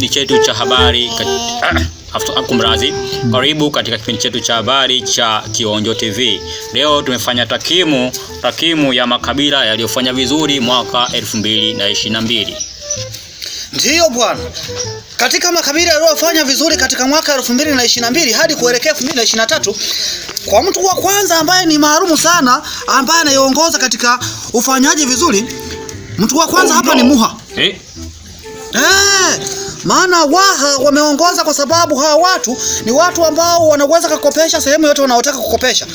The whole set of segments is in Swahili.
kipindi chetu cha habari Kumradhi, ah, karibu katika kipindi chetu cha habari cha Kionjo TV. Leo tumefanya takimu takimu ya makabila yaliyofanya vizuri mwaka 2022. Ndiyo bwana, katika makabila yaliyofanya vizuri katika mwaka 2022 hadi kuelekea 2023, kwa mtu wa kwanza ambaye ni maarufu sana ambaye anayeongoza katika ufanyaji vizuri, mtu wa kwanza oh, hapa no. ni Muha eh? Eh maana Waha wameongoza kwa sababu hawa watu ni watu ambao wanaweza kukopesha sehemu yote wanaotaka kukopesha.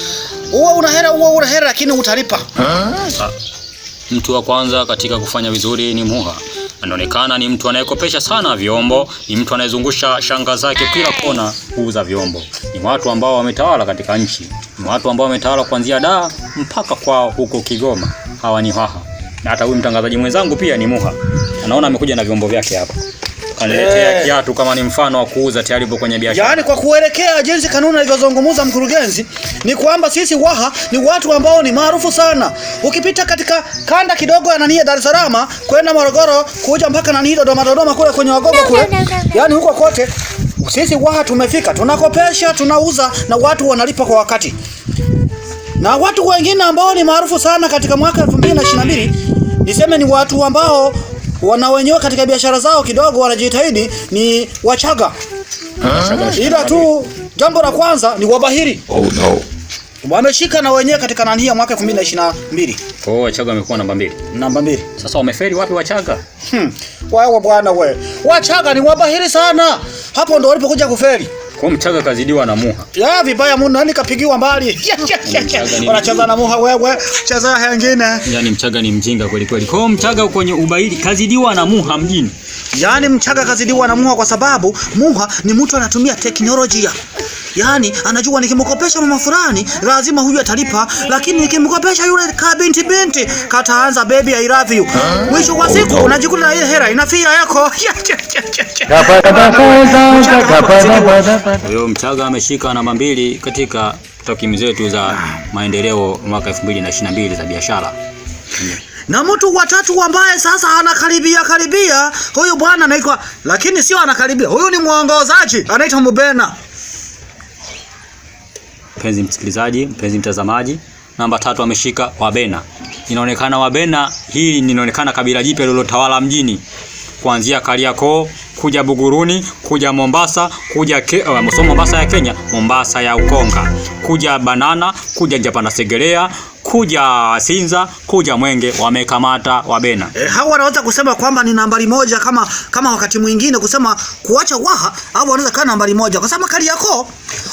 Uwe una hera, uwe una hera, lakini utalipa. Mtu wa kwanza katika kufanya vizuri ni Muha. Anaonekana ni mtu anayekopesha sana vyombo, ni mtu anayezungusha shanga zake kila kona kuuza vyombo. Ni watu ambao wametawala katika nchi, ni watu ambao wametawala kuanzia da mpaka kwao huko Kigoma. Hawa ni Waha, na hata huyu mtangazaji mwenzangu pia ni Muha. Anaona amekuja na vyombo vyake hapa. Aliletea eh. kiatu kama ni mfano wa kuuza tayari upo kwenye biashara. Yaani kwa kuelekea jinsi kanuni alivyozungumza mkurugenzi ni kwamba sisi Waha ni watu ambao ni maarufu sana. Ukipita katika kanda kidogo ya nani Dar es Salaam kwenda Morogoro kuja mpaka nani Dodoma Dodoma kule kwenye Wagogo kule. Yaani huko kote sisi Waha tumefika, tunakopesha, tunauza na watu wanalipa kwa wakati. Na watu wengine ambao ni maarufu sana katika mwaka 2022 niseme ni watu ambao wana wenyewe katika biashara zao kidogo wanajitahidi ni Wachaga Ila tu jambo la kwanza ni wabahiri. Oh, no. Wameshika na wenyewe katika nani ya mwaka 2022. Oh, Wachaga wamekuwa namba mbili. Namba mbili. Sasa wameferi wapi Wachaga? Hmm. Wewe bwana wewe. Wachaga ni wabahiri sana. Hapo ndo walipokuja kuferi. Kwa Mchaga kazidiwa na Muha. Ya vibaya mno, yani kapigiwa mbali. Yaani Wanacheza na Muha wewe, cheza hengine. Yani Mchaga ni mjinga kweli kweli. Kwa Mchaga kwenye ubaili kazidiwa na Muha mjini. Yani Mchaga kazidiwa na Muha kwa sababu Muha ni mtu anatumia teknolojia. Yaani anajua nikimkopesha mama fulani lazima huyu atalipa, lakini nikimkopesha yule ka binti binti kataanza baby I love you. Mwisho wa siku unajikuta ile hela inafia yako. Kwa Mchaga ameshika namba mbili katika takwimu zetu za maendeleo mwaka 2022 za biashara na mtu wa tatu ambaye sasa anakaribia karibia, huyu bwana anaitwa, lakini sio anakaribia, huyu ni mwongozaji anaitwa Mubena. Mpenzi msikilizaji, mpenzi mtazamaji, namba tatu ameshika Wabena. Inaonekana Wabena hili linaonekana kabila jipya lililotawala mjini kuanzia Kariakoo kuja Buguruni, kuja Mombasa, kuja ke, uh, Mombasa ya Kenya, Mombasa ya Ukonga, kuja Banana, kuja Japana Segerea kuja Sinza, kuja Mwenge, wamekamata Wabena. E, hao wanaweza kusema kwamba ni nambari moja kama kama wakati mwingine kusema kuacha Waha au wanaweza kana nambari moja kwa sababu kali yako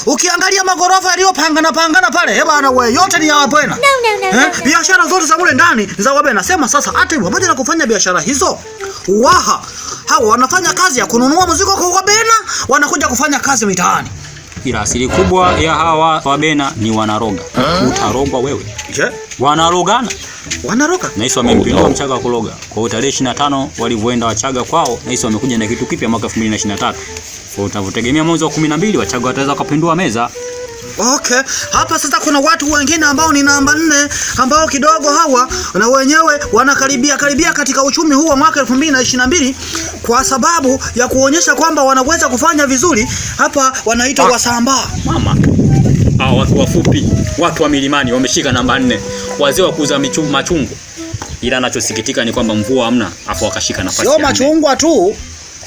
ukiangalia magorofa yaliyopangana pangana pale, he eh bana, wewe yote ni ya Wabena. No, no, no, eh, no, no, no. biashara zote za mule ndani za Wabena. Sema sasa hata hivyo badala kufanya biashara hizo Waha hawa wanafanya kazi ya kununua mzigo kwa Wabena, wanakuja kufanya kazi mitaani ila asili kubwa ya hawa wabena ni wanarogha. Utarogwa wewe. Je? Wanarogana. Wanaroga. Na oh, no. Mchaga kuroga. Kwa tarehe 25 walivyoenda Wachaga kwao, na wamekuja na kitu kipya mwaka 2023. Kwa utavyotegemea mwezi wa 12 Wachaga wataweza kupindua meza. Okay, hapa sasa kuna watu wengine ambao ni namba nne ambao kidogo hawa na wenyewe wanakaribia karibia katika uchumi huu wa mwaka mbili kwa sababu ya kuonyesha kwamba wanaweza kufanya vizuri. Hapa wanaitwa ah. Wasambaa. Mama. hawa ah, watu wafupi, watu wa milimani wameshika namba nne, wazee wa kuuza machungwa. Ila anachosikitika ni kwamba mvua hamna, afu wakashika nafasi. Sio machungwa tu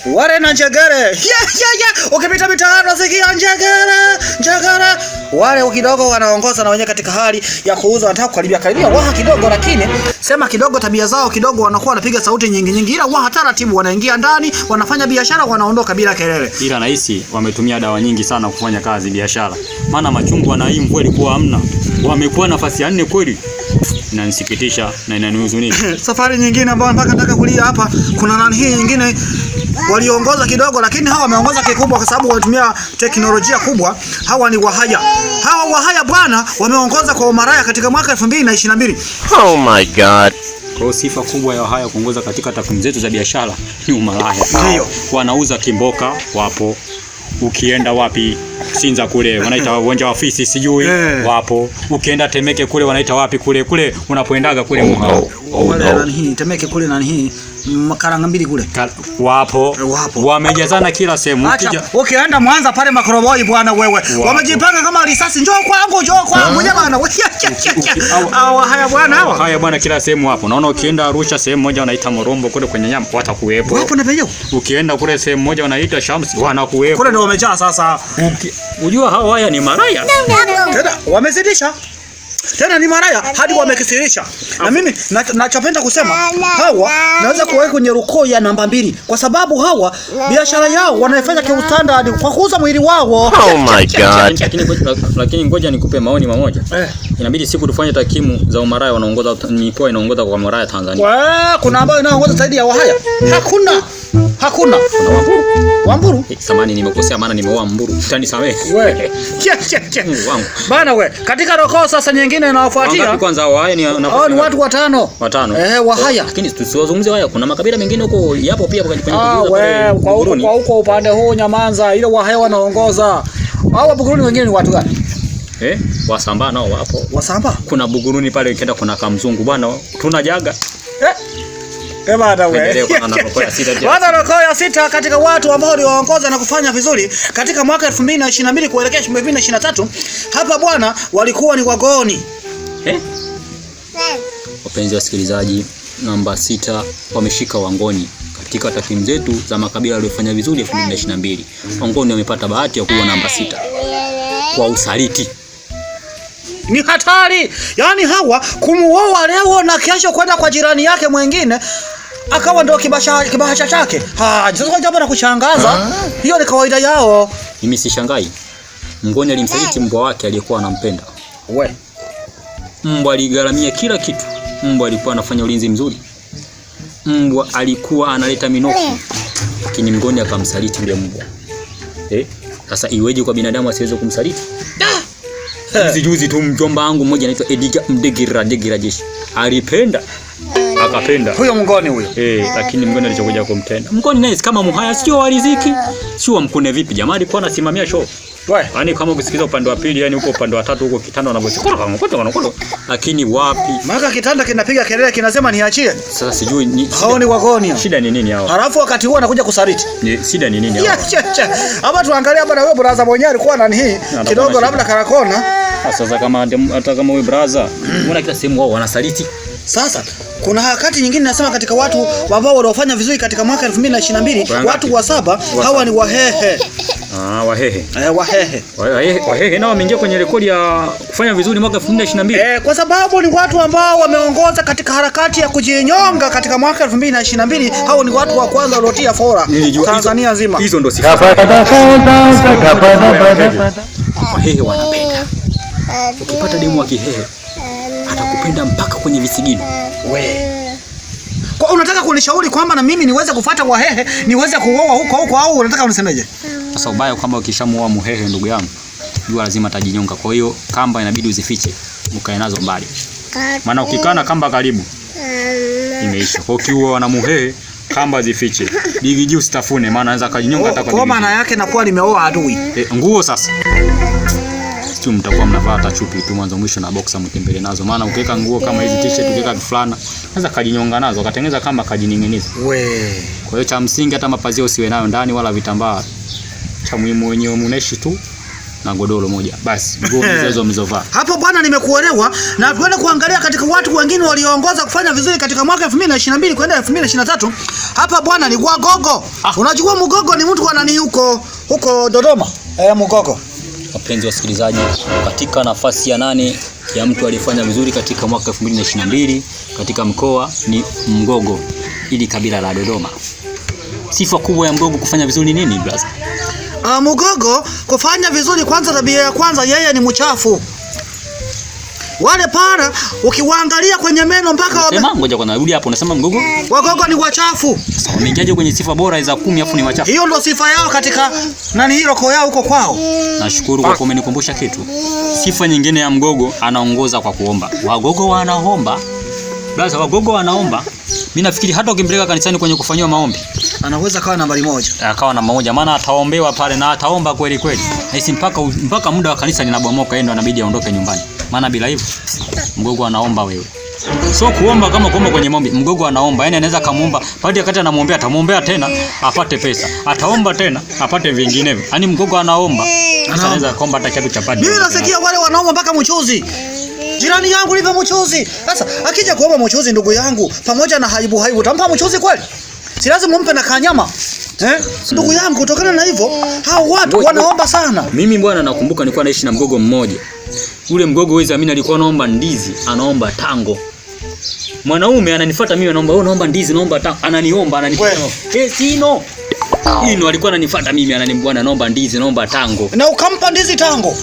ware na njegere yeah, yeah, yeah. Ukipita mitaani unasikia njegere njegere. Wale kidogo wanaongoza na wenyewe katika hali ya kuuza, wanataka kukaribia karibia waha kidogo, lakini sema kidogo, tabia zao kidogo, wanakuwa wanapiga sauti nyingi nyingi, ila waha taratibu wanaingia ndani, wanafanya biashara, wanaondoka bila kelele. Ila nahisi wametumia dawa nyingi sana kufanya kazi biashara, maana machungwa na hii mvua ilikuwa hamna wamekuwa nafasi ya nne kweli. Inanisikitisha na inanihuzunisha. Safari nyingine ambayo mpaka nataka kulia hapa, kuna nani hii nyingine waliongoza kidogo, lakini hawa wameongoza kikubwa, kwa sababu wanatumia teknolojia kubwa. Hawa ni Wahaya, hawa Wahaya bwana, wameongoza kwa umaraya katika mwaka 2022. Oh my god. Kwa sifa kubwa ya Wahaya kuongoza katika takwimu zetu za biashara ni umalaya. Ndio. Wanauza kimboka, wapo ukienda wapi Sinza kule wanaita uwanja wa ofisi sijui yeah. Wapo ukienda Temeke kule wanaita wapi kule kule unapoendaga kule oh, oh, oh no. Oh, no. Hii Temeke kule nani hii makaranga mm, mbili kule Ka, wapo, eh, wapo. Wamejazana kila sehemu ukija... ukienda Mwanza pale makoroboi bwana wewe wamejipanga kama risasi, njoo kwangu, njoo kwangu eh? jamani. Haya bwana, hawa haya bwana, kila sehemu hapo. Naona ukienda Arusha sehemu moja wanaita Morombo kule kwenye nyama watakuwepo. Wapo na penyewe. Ukienda kule sehemu moja wanaita Shamsi wanakuwepo. Kule ndio wamejaa sasa ujua hao waya ni maraya. Tena wamezidisha. Tena ni maraya hadi wamekithirisha. Na mimi nachopenda na kusema hawa naweza kuweka kwenye rukoo ya namba mbili kwa sababu hawa biashara yao wanaifanya kwa standard kwa kuuza mwili wao. Oh my god. Lakini ngoja nikupe maoni mamoja. Eh. Inabidi siku tufanye takimu za umaraya wanaongoza, ni inaongoza kwa maraya Tanzania. Kuna ambayo inaongoza zaidi ya wahaya. Mm-hmm. Hakuna. Hakuna. Kuna Wamburu. Wamburu? Eh, samani nimekosea maana nimeoa Mburu. Utanisamehe. Wewe. Che che che. Wangu. Bana wewe, katika rokoo sasa nyingine inawafuatia. Wangapi kwanza hao haya ni hao ni watu watano. Watano. Eh, wa oh, haya. Lakini tusiwazungumzie haya. kuna makabila mengine huko yapo pia kwenye kwenye. ah, wewe kwa huko kwa huko upande huu Nyamanza, ile wa haya wanaongoza. Hao wa Buguruni wengine ni watu gani? Eh, Wasamba nao wapo. Wasamba? Kuna Buguruni pale ukienda kuna Kamzungu bwana, tunajaga. Eh? rokoo ya sita katika watu ambao walioongoza na kufanya vizuri katika mwaka 2022 kuelekea 2023 hapa bwana, walikuwa ni wagoni. Eh? Wapenzi wasikilizaji, namba sita wameshika wangoni katika takwimu zetu za makabila yaliyofanya vizuri 2022. Wangoni wamepata bahati ya kuwa namba sita kwa usaliti ni hatari. Yaani hawa kumuoa leo na kesho kwenda kwa jirani yake mwingine akawa ndo kibahasha chake. Sasa jambo la kushangaza, hiyo ni kawaida yao. Mimi sishangai. Mngoni alimsaliti mbwa wake aliyekuwa anampenda. We. Mbwa aligharamia kila kitu. Mbwa alikuwa anafanya ulinzi mzuri. Mbwa alikuwa analeta minofu, lakini mgoni akamsaliti yule mbwa. Eh? Sasa iweje kwa binadamu asiweze kumsaliti? Ah! Juzi juzi tu mjomba wangu mmoja anaitwa Edgar Mdegira Degira Jeshi alipenda akapenda huyo mgoni huyo eh, lakini mgoni alichokuja kumtenda mgoni naye kama muhaya, sio wa riziki, sio mkune. Vipi jamaa alikuwa anasimamia show wewe, yani kama ukisikiza upande wa pili, yani huko upande wa tatu huko kitanda wanavyochukua kama kote wanakolo, lakini wapi maana kitanda kinapiga kelele kinasema niachie. Sasa sijui ni haoni wagoni, shida ni nini hao? Halafu wakati huo anakuja kusaliti, shida ni nini hao? Hapa tuangalie hapa na wewe brother mwenyewe alikuwa na nini? kidogo, labda karakona sasa, kama hata kama wewe brother, mbona mm. kila sehemu wao wanasaliti sasa kuna wakati nyingine nasema katika watu ambao waliofanya vizuri katika mwaka 2022 watu wa saba hawa ni Wahehe. Ah, Wahehe. Eh, Wahehe. Wahehe, Wahehe nao wameingia kwenye rekodi ya kufanya vizuri mwaka 2022. Eh, kwa sababu ni watu ambao wameongoza katika harakati ya kujinyonga katika mwaka 2022. Hao ni watu wa kwanza waliotia fora Tanzania nzima. Hizo ndio sifa. Wahehe wanapenda. Ah, Ukipata demu wa Kihehe kwenda mpaka kwenye visigino. We. Kwa unataka kunishauri kwamba na mimi niweze kufuata Wahehe niweze kuoa huko huko au unataka unisemeje? Sasa ubaya kwamba ukishamuoa Muhehe ndugu yangu, jua lazima atajinyonga. Kwa hiyo kamba inabidi uzifiche, ukae nazo mbali. Maana ukikana kamba karibu imeisha. Kwa hiyo na Muhehe kamba zifiche. juu sitafune maana anaweza akajinyonga hata kwa. Kwa maana yake nakuwa nimeoa adui. E, nguo sasa costume mtakuwa mnavaa hata chupi tu mwanzo mwisho na boxer mtembele nazo, maana ukiweka nguo kama hizi t-shirt, ukiweka fulana naweza kajinyonga nazo, akatengeneza kama kajining'iniza. We, kwa hiyo cha msingi hata mapazia usiwe nayo ndani wala vitambaa, cha muhimu wenyewe mnaishi tu na godoro moja basi, nguo hizo mlizovaa hapo. Bwana, nimekuelewa na tuende kuangalia katika watu wengine walioongoza kufanya vizuri katika mwaka 2022 kwenda 2023. Hapa bwana ni kwa gogo Ah, unajua Mgogo ni mtu anani huko huko Dodoma, eh Mgogo wapenzi wasikilizaji, katika nafasi ya nane ya mtu aliyefanya vizuri katika mwaka 2022 katika mkoa ni Mgogo, ili kabila la Dodoma. Sifa kubwa ya Mgogo kufanya vizuri nini, brother? Uh, Mgogo kufanya vizuri, kwanza tabia ya kwanza, yeye ni mchafu. Wale para ukiwaangalia kwenye meno mpaka wabe. Sema ngoja kwa narudi hapo unasema mgogo? Wagogo ni wachafu. Sasa wameingiaje kwenye sifa bora za kumi afu ni wachafu? Hiyo ndio sifa yao katika nani hilo kwa yao huko kwao. Nashukuru kwa ah. kumenikumbusha kitu. Sifa nyingine ya mgogo anaongoza kwa kuomba. Wagogo wanaomba. Blaza wagogo wanaomba. Mimi nafikiri hata ukimpeleka kanisani kwenye kufanywa maombi, anaweza kawa nambari moja. Eh, akawa namba moja maana ataombewa pale na ataomba kweli kweli. haisi mpaka mpaka muda wa kanisa linabomoka yeye ndo anabidi aondoke nyumbani maana bila hivyo Mgogo anaomba wewe. So kuomba kama kuomba kwenye maombi, Mgogo anaomba, yani anaweza kumuomba, baada ya kati anamuombea, atamuombea tena apate pesa, ataomba tena apate vinginevyo. Yani Mgogo anaomba, anaweza kuomba hata kiatu cha padi. Mimi nasikia wale wanaomba mpaka mchuzi jirani yangu nipe mchuzi. Sasa akija kuomba mchuzi, ndugu yangu, pamoja na haibu haibu, utampa mchuzi kweli? Si lazima umpe na kanyama eh? Ndugu yangu, kutokana na hivyo hao watu wanaomba sana. Mimi bwana, nakumbuka nilikuwa naishi na Mgogo mmoja Ule mgogo huwezi amini, alikuwa anaomba ndizi, anaomba tango. Mwanaume ananifuata mimi, anaomba wewe, naomba ndizi, naomba tango, ananiomba ananifuata. Eh, sino ino alikuwa ananifuata mimi, ananimbwana, naomba ndizi, naomba tango, na ukampa ndizi tango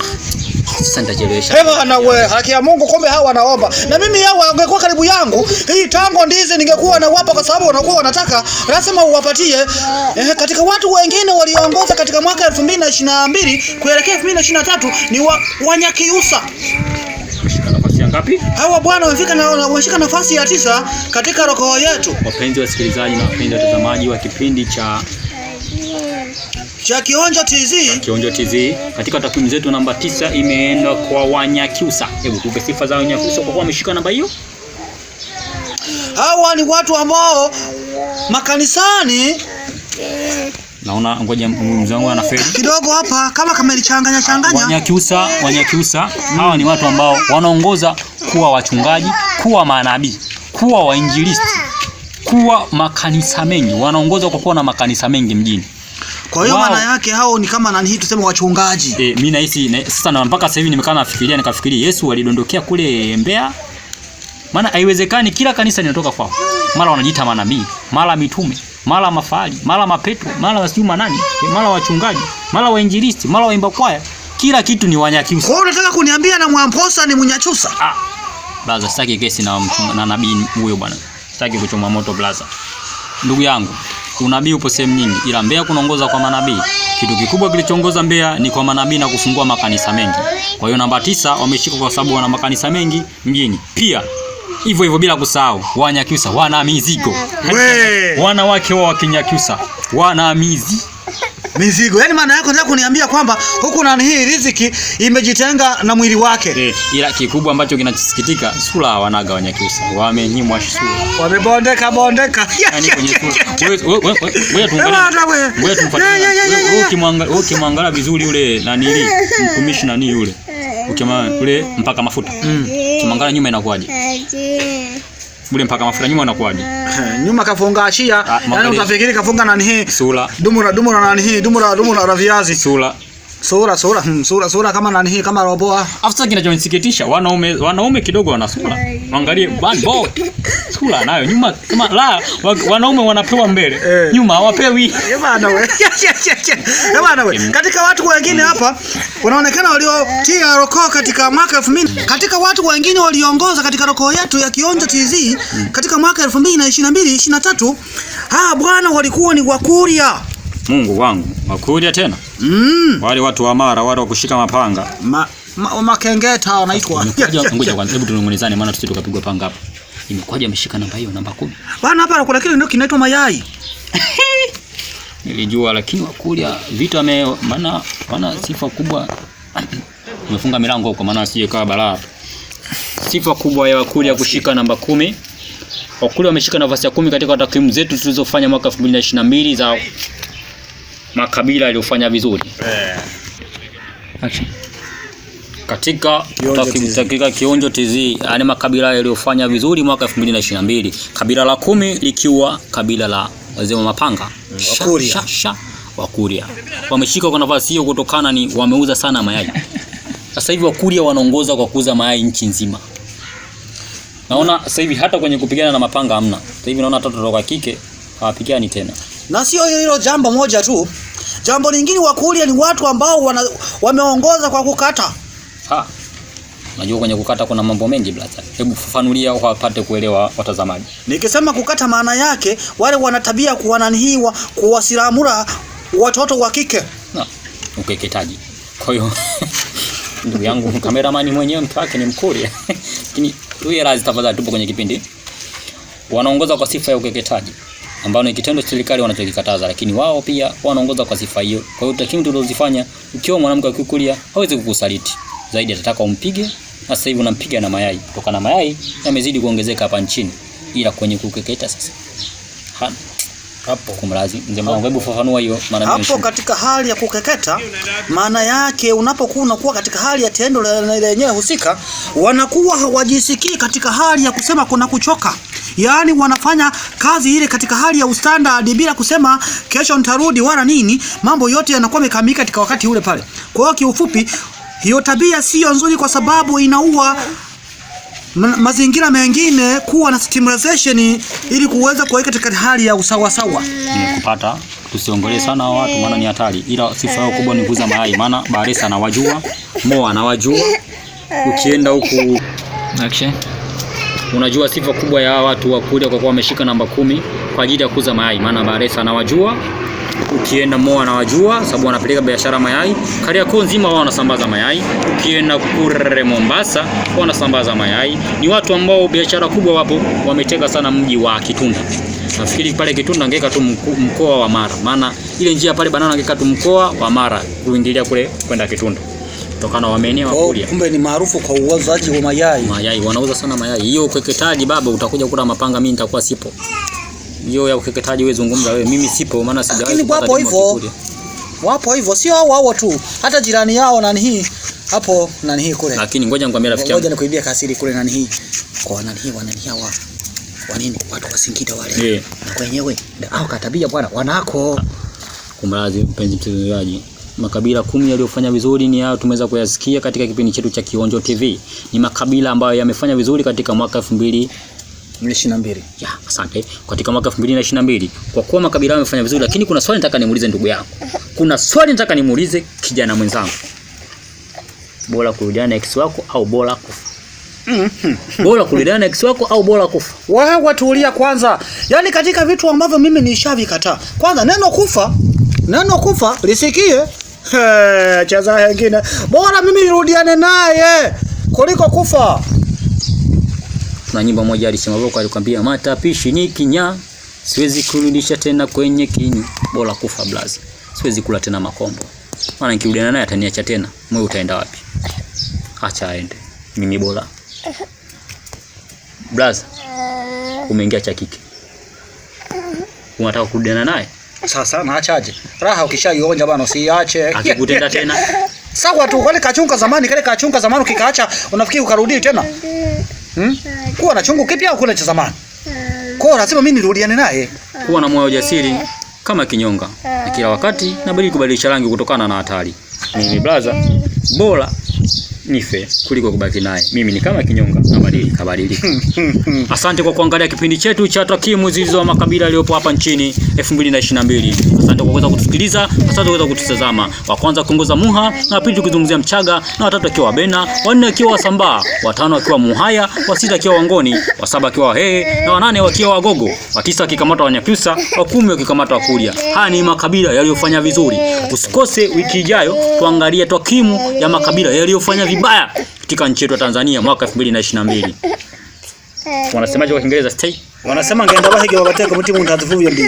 sasa nitachelewesha. Hebu ana wewe, haki ya Mungu, kumbe hao wanaomba. Na mimi yao wangekuwa karibu yangu, hii tango ndizi ningekuwa na wapa kwa sababu wanakuwa wanataka lazima uwapatie. Eh, katika watu wengine walioongoza katika mwaka 2022 kuelekea 2023 ni wa, Wanyakiusa. Hawa bwana wamefika na wameshika nafasi ya tisa katika roho yetu. Wapenzi wasikilizaji na wapenzi watazamaji wa kipindi cha cha Kionjo TV. Kionjo katika takwimu zetu namba tisa imeenda kwa Wanyakyusa. Hebu tupe sifa za Wanyakyusa kwa kuwa wameshika namba hiyo. Hawa ni watu ambao makanisani naona ngoja mzangu anafeli kidogo hapa, kama kama ilichanganya changanya. Wanyakyusa, Wanyakyusa hawa ni watu ambao wanaongoza kuwa wachungaji, kuwa manabii, kuwa wainjilisti, kuwa makanisa mengi, wanaongoza kwa kuwa na makanisa mengi mjini. Kwa hiyo wow. Maana yake hao ni kama nani hii tuseme wachungaji. E, mimi nahisi na, sasa na mpaka sasa hivi nimekaa nafikiria nikafikiri Yesu alidondokea kule Mbeya. Maana haiwezekani kila kanisa linatoka kwao. Mara wanajiita manabii, mara mitume, mara mafahali, mara mapetro, mara wasiu manani, mara wachungaji, mara wainjilisti, mara waimba kwaya. Kila kitu ni Wanyakyusa. Kwa hiyo unataka kuniambia na Mwamposa ni Mnyakyusa? Ah. Blaza, sitaki kesi na mchunga, na nabii huyo bwana. Sitaki kuchoma moto blaza. Ndugu yangu, unabii upo sehemu nyingi, ila Mbeya kunaongoza kwa manabii. Kitu kikubwa kilichoongoza Mbeya ni kwa manabii na kufungua makanisa mengi. Kwa hiyo namba tisa wameshika kwa sababu wana makanisa mengi mjini pia hivyo hivyo, bila kusahau Wanyakyusa wana mizigo, wanawake wa Wakinyakyusa wana mizigo mizigo. Yaani maana yako nataka kuniambia kwamba huku na hii riziki imejitenga na mwili wake. E, ila kikubwa ambacho kinachosikitika sura wanaga Wanyakyusa. Wamenyimwa sura. Wamebondeka bondeka. Yaani kwenye sura. Wewe tumfuatilie. Wewe ukimwangalia vizuri yule nani ile mtumishi nani yule. Ukimwangalia yule mpaka mafuta. Mm. Ukimwangalia nyuma inakuwaje? mule mpaka mafuta nyuma anakuaje? Eh, nyuma kafunga ashia. Ah, yaani utafikiri kafunga nani hii? Sura. Dumu na dumu na nani hii? Dumu na dumu na viazi. Sura. Sura sura hmm, sura sura kama nani hii kama roboa. Afsa kinachonisikitisha wanaume wanaume kidogo wana sura. Angalie bad boy. Sura nayo nyuma kama la wanaume wanapewa mbele. Eh. Nyuma hawapewi. Eh, bana wewe. Eh, bana wewe. Katika watu wengine hapa wanaonekana waliotia rokoo katika mwaka 2000. Katika watu wengine waliongoza katika rokoo yetu ya Kionjo TZ katika mwaka 2022 23. Ah bwana walikuwa ni Wakuria. Mungu wangu, wakuja tena mm. Wale watu wa Mara wale wa kushika mapanga ma, ma, makengeta wanaitwa. Ngoja kwanza, hebu tunung'unizane, maana tusije tukapigwa panga hapa. Imekwaje ameshika namba hiyo, namba kumi bana? Hapa kuna kile kinaitwa mayai nilijua, lakini wakuja vita ame, maana maana sifa kubwa umefunga milango huko, maana asije kawa balaa. Sifa kubwa ya wakuja kushika namba kumi Wakuria wameshika nafasi ya kumi katika takwimu zetu tulizofanya mwaka 2022 za makabila yaliyofanya vizuri yeah. Katika katika Kionjo TZ, yani makabila yaliyofanya vizuri mwaka 2022, kabila la kumi likiwa kabila la wazee wa mapanga mm, Wakuria. Wameshika kwa nafasi hiyo kutokana ni wameuza sana mayai. Sasa hivi Wakuria wanaongoza kwa kuuza mayai nchi nzima. Naona sasa hivi hata kwenye kupigana na mapanga hamna. Sasa hivi naona hata kutoka kike hawapigani tena, na sio hilo jambo moja tu Jambo lingine Wakurya ni watu ambao wana, wameongoza kwa kukata ha. Najua kwenye kukata kuna mambo mengi brother. Hebu fafanulia wapate kuelewa watazamaji. Nikisema kukata maana yake wale wana tabia kuwananihiwa kuwasilamura watoto wa kike. Na ukeketaji. Kwa hiyo ndugu yangu kameramani mwenyewe mtake ni mkuri. Lakini tafadhali tupo kwenye kipindi. Wanaongoza kwa sifa ya ukeketaji ambao ni kitendo cha serikali wanachokikataza, lakini wao pia wanaongoza kwa sifa hiyo. Kwa hiyo tu tulizozifanya, ukiwa mwanamke akikulia hawezi kukusaliti zaidi, atataka umpige. Sasa hivi unampiga na mayai, kutokana na mayai yamezidi kuongezeka hapa nchini, ila kwenye kukeketa sasa hana hapo. Kumlazi mzee mwangu, hebu fafanua hiyo maana hapo. Katika hali ya kukeketa, maana yake unapokuwa unakuwa katika hali ya tendo lenyewe husika, wanakuwa hawajisikii katika hali ya kusema kuna kuchoka, yaani wanafanya kazi ile katika hali ya standard bila kusema kesho nitarudi wala nini. Mambo yote yanakuwa yamekamilika katika wakati ule pale. Kwa hiyo kiufupi, hiyo tabia siyo nzuri, kwa sababu inaua mazingira mengine kuwa na stimulation ili kuweza kuweka katika hali ya usawasawa. Ni kupata tusiongolee sana watu, maana ni hatari, ila sifa yao kubwa ni kuuza mayai, maana Baresa anawajua, moa anawajua, ukienda huku action Unajua sifa kubwa ya watu wa Kuria kwa kuwa wameshika namba kumi kwa ajili ya kuuza mayai, maana Baresa anawajua ukienda Moa na wajua, sababu wanapeleka biashara mayai Kariakoo nzima, wao wanasambaza mayai. Ukienda kure Mombasa, wanasambaza mayai. Ni watu ambao biashara kubwa wapo, wameteka sana mji wa Kitunda. Nafikiri pale Kitunda angeka tu mkoa wa Mara, maana ile njia pale Banana angeka tu mkoa wa Mara kuingilia kule kwenda Kitunda kutokana na wamenea wa oh, kulia. Kumbe ni maarufu kwa uuzaji wa mayai. Mayai wanauza sana mayai. Hiyo ukeketaji baba, utakuja kula mapanga, mimi nitakuwa sipo hiyo ya ukeketaji wewe zungumza wewe, mimi sipo, maana sijawahi. Lakini wapo hivyo, wapo hivyo, sio hao hao tu, hata jirani yao nani hii hapo nani hii kule. Lakini ngoja nikwambie rafiki yangu, ngoja nikuibia kasiri kule nani hii kwa nani hii wanani hawa kwa nini watu wa Singida wale, yeah. na wenyewe au katabia bwana wanako kumradhi, mpenzi mtazamaji makabila kumi yaliyofanya vizuri ni hayo tumeweza kuyasikia katika kipindi chetu cha Kionjo TV. Ni makabila ambayo yamefanya vizuri katika mwaka elfu mbili 2022. asante. Katika mwaka 2022 kwa kuwa Makabila amefanya vizuri, lakini kuna swali nataka nimuulize ndugu yako. Kuna swali nataka nimuulize kijana mwenzangu. Bora kurudiana na ex wako au bora kufa? Mm-hmm. Bora kurudiana na ex wako au bora kufa? Wewe tulia kwanza. Yaani katika vitu ambavyo mimi nishavikataa. Kwanza neno kufa, neno kufa lisikie. Cheza hengine. Bora mimi nirudiane naye kuliko kufa. Kuna nyimbo moja alisema Boko alikwambia matapishi ni kinya, siwezi kurudisha tena kwenye kinyu, bora kufa blaza, siwezi kula tena makombo, maana nikirudiana naye ataniacha tena. Mwe utaenda wapi? Acha aende, mimi bora blaza. Umeingia cha kike, unataka kurudiana naye sasa, na achaje? Raha ukishaionja bana, usiache akikutenda tena. Sawa tu, kale kachunga zamani, kale kachunga zamani, ukikaacha unafikiri ukarudi tena? Hmm? Kuwa na chungu kipya au kule cha zamani? Kwa lazima mimi nirudiane naye. Kuwa na moyo jasiri eh. kama kinyonga. Na kila wakati nabadili kubadilisha rangi kutokana na hatari. Mimi brother eh. bora nife kuliko kubaki naye. Mimi ni kama kinyonga, nabadilika kabadilika. Asante kwa kuangalia kipindi chetu cha takwimu zilizo wa makabila yaliyopo hapa nchini 2022. Asante kwa kuweza kutusikiliza, asante kwa kuweza kututazama. Wa kwanza kuongoza Muha, na pili tukizungumzia Mchaga, na watatu akiwa Wabena, wa nne akiwa Wasambaa, wa tano akiwa Muhaya, wa sita akiwa Wangoni, wa saba akiwa Wahehe, na wa nane wakiwa Wagogo, wa tisa akikamata Wanyakyusa, wa kumi akikamata Wakurya. Haya ni makabila yaliyofanya vizuri. Usikose wiki ijayo tuangalie takwimu ya makabila yaliyofanya vizuri vibaya katika nchi yetu ya Tanzania mwaka 2022. Wanasemaje kwa Kiingereza stay? Wanasema ngeenda bahi kwa bateka mtimu ndathufu